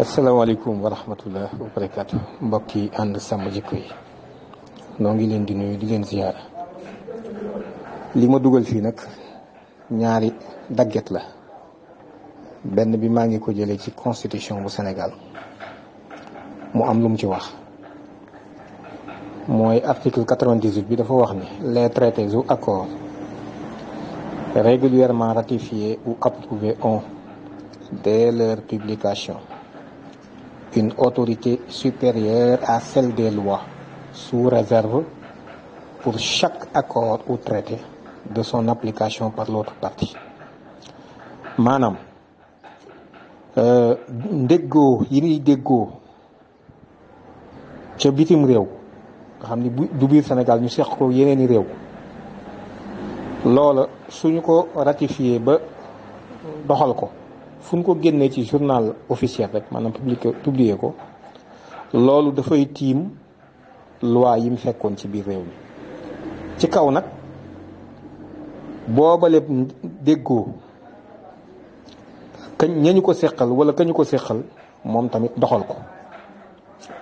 asalaamaaleykum wa rahmatullah wa mbokk yi ànd sàmm jikko yi noo ngi leen di nuyu di leen ziyaara li ma dugal fii nag ñaari dagget la benn bi maa ngi ko jëlee ci constitution bu Sénégal mu am lu mu ci wax mooy article quatre vingt bi dafa wax ni les traités ou accords régulièrement ratifiés ou approuvés ont dès leur publication une autorité supérieure à celle des lois, sous réserve pour chaque accord ou traité de son application par l'autre partie maanaam ndéggoo euh, yi ñuy déggoo ca bitim réew nga xam ni du biir Sénégal ñu seq ko yeneeni réew loola suñu ko ratifié ba doxal ko fu ñu ko génnee ci journal officiel rek maanaam publié publier ko loolu dafay tiim loi yi mu fekkoon ci biir réew mi ci kaw nag boobale déggoo kañ ñañu ko séqal wala kañu ko séqal moom tamit doxal ko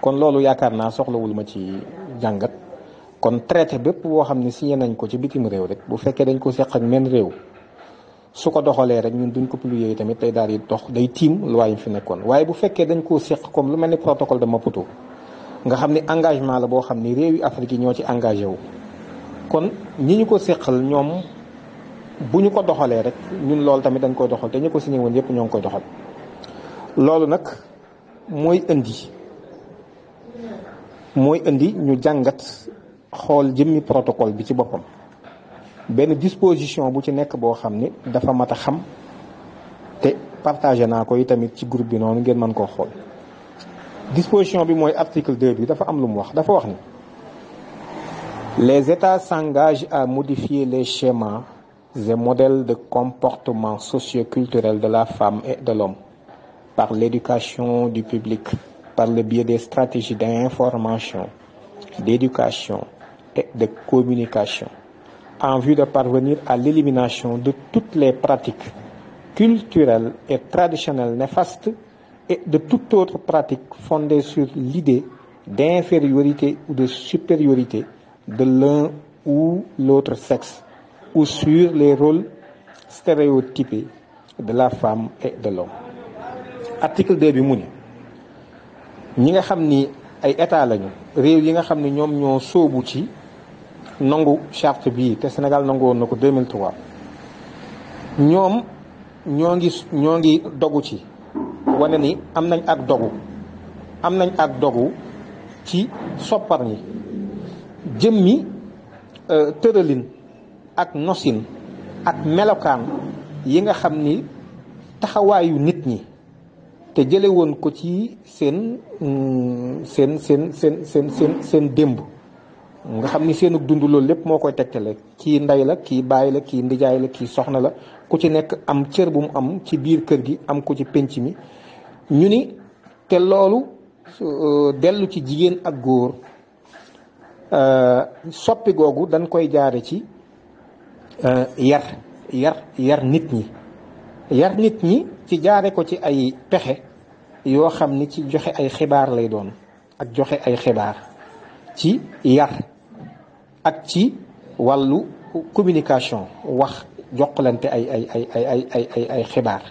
kon loolu yaakaar naa soxlawul ma ci jàngat kon traité bépp boo xam ne signé nañ ko ci bitim réew rek bu fekkee dañ ko séq ak réew su ko doxalee rek ñun duñ ko publier yi tamit day daal yi dox day tiim loi yi fi nekkoon waaye bu fekkee dañ ko séq comme lu mel ni protocole de Maputo nga xam ni engagement la boo xam ni réew yi Afrique yi ñoo ci engagé wu kon ñi ñu ko séqal ñoom bu ñu ko doxalee rek ñun loolu tamit dañ koy doxal te ñu ko signé woon yëpp ñoo ngi koy doxal loolu nag mooy indi mooy indi ñu jàngat xool jëmmi protocole bi ci boppam benn disposition bu ci nekk boo xam ni dafa mat a xam te partagé naa ko yi tamit ci groupe bi noonu ngeen man ko xool disposition bi mooy article bi dafa am lu mu wax dafa wax ni les états s'engagent à modifier les schémas et modèles de comportement socio-culturel de la femme et de l'homme par l'éducation du public par le biais des stratégies d'information d'éducation et de communication en vue de parvenir à l'élimination de toutes les pratiques culturelles et traditionnelles néfastes et de toute autre pratique fondée sur l'idée d'infériorité ou de supériorité de l'un ou l'autre sexe ou sur les rôles stéréotypés de la femme et de l'homme article bi mu ne ñi nga xam ni ay état lañu réew yi nga xam ni ñoom ñoo soobu ci nangu charte bii te Sénégal nangu woon na ko 2003 ñoom ñoo ngi ñoo ngi dogu ci wane ni am nañ ak dogu am nañ ak dogu ci soppar ñi jëmmi euh, tëralin ak nosin ak melokaan yi nga xam ni taxawaayu nit ñi te jële woon ko ci seen mm, seen seen seen seen seen seen démb nga xam ni seenug dund loolu lépp moo koy tegtale kii ndey la kii bàyyi la kii ndijaay la kii soxna la ku ci nekk am cër bu mu am ci biir kër gi am ku ci pénc mi ñu ni te loolu euh, dellu ci jigéen ak góor euh, soppi googu dañ koy jaare ci euh, yar yar yar nit ñi yar nit ñi ci jaare ko ci ay pexe yoo xam ni ci joxe ay xibaar lay doon ak joxe ay xibaar ci yar ak ci wàllu communication wax joxlante ay ay ay xibaar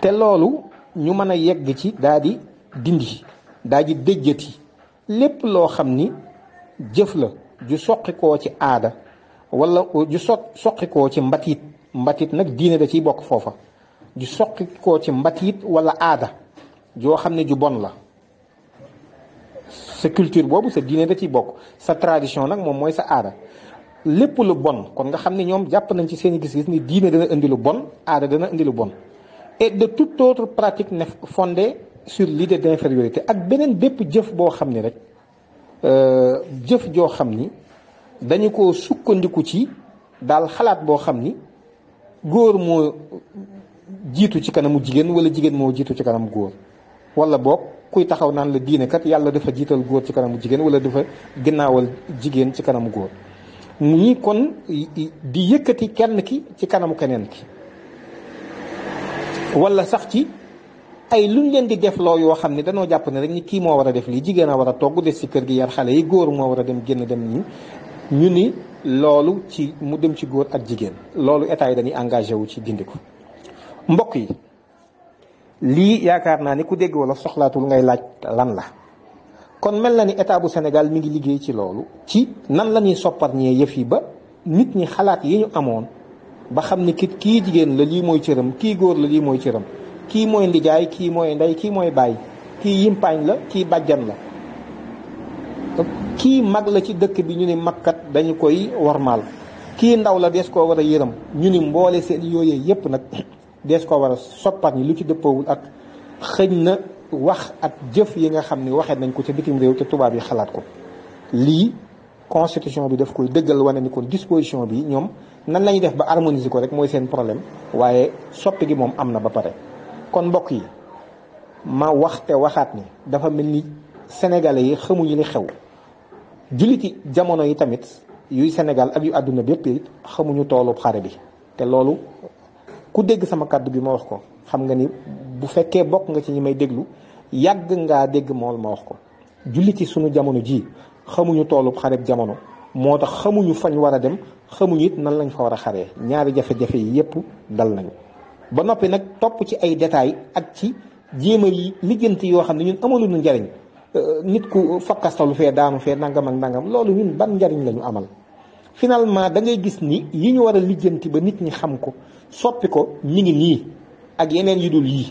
te loolu ñu mën a yegg ci daadi di dindi daa di lépp loo xam ni jëf la ju soqikoo ci aada wala ju so soqikoo ci mbatiit mbatiit nag diine da ciy bokk foofa ju soqikoo ci mbatiit wala aada yoo xam ne ju bon la culture boobu sa diine da ciy bokk sa tradition nag moom mooy sa aada lépp lu bon kon nga xam ne ñoom jàpp nañ ci seen gis-gis ni diine dana indi lu bon aada dana indi lu bon et de toute autre pratique ne fondée sur l'idée d'infériorité ak beneen bépp jëf boo xam ni rek euh, jëf joo xam ni dañu ko sukkandiku ci daal xalaat boo xam ni góor moo jiitu ci kanamu jigéen wala jigéen moo jiitu ci kanamu góor walla boog kuy taxaw naan la diine yàlla dafa jiital góor ci kanamu jigéen wala dafa ginnaawal jigéen ci kanamu góor mu ñi kon di yëkkati kenn ki ci kanamu keneen ki walla sax ci ay luñ leen di def loo yoo xam ne danoo jàpp ne rek ni kii moo war a def lii jigéen a war a togg des ci kër gi yar xale yi góor moo war a dem génn dem nii ñu ni loolu ci mu dem ci góor ak jigéen loolu état yi dañuy engagé wu ci dindi ko mbokk yi lii yaakaar naa ni ku dégg wala soxlaatul ngay laaj lan la kon mel na ni état bu Sénégal mi ngi liggéey ci loolu ci nan la ñuy sopparñee yëf yi ba nit ñi xalaat yi ñu amoon ba xam ni kit kii jigéen la lii mooy cëram kii góor la lii mooy cëram kii mooy ndijaay kii mooy ndey kii mooy bàyyi kii yimpaañ la kii bàjjan la kii mag la ci dëkk bi ñu ni magkat dañu koy wormaal kii ndaw la des koo war a yërëm ñu ni mboole seen yooyee yépp nag dees ko war a soppat ñi lu ci dëppoowul ak xëñ na wax ak jëf yi nga xam ni waxee nañ ko ci bitim réew ca tubaab yi xalaat ko lii constitution bi daf koy dëggal wane ni kon disposition bi ñoom nan lañuy def ba harmoniser ko rek mooy seen problème waaye soppi gi moom am na ba pare kon mbokk yi ma waxte waxaat ni dafa mel ni sénégalais yi xamuñu li xew julliti jamono yi tamit yuy Sénégal ak yu àdduna bépp xamuñu toolu xare bi te loolu ku dégg sama kàddu bi ma wax ko xam nga ni bu fekkee bokk nga ci ñi may déglu yàgg ngaa dégg mool ma wax ko jullit yi suñu jamono ji xamuñu toolub xareb jamono moo tax xamuñu fañ war a dem xamuñu it nan lañ fa war a xaree ñaari jafe yi yépp dal nañu ba noppi nag topp ci ay détails ak ci jéem a lijjanti yoo xam ne ñun amaluñu njariñ euh, nit ku fakkastalu fee daanu fee nangam ak nangam loolu ñun ban njariñ lañu amal finalement dangay gis ni yi ñu war a lijjanti ba nit ñi xam ko soppi ko mi ngi nii ak yeneen yu dul yi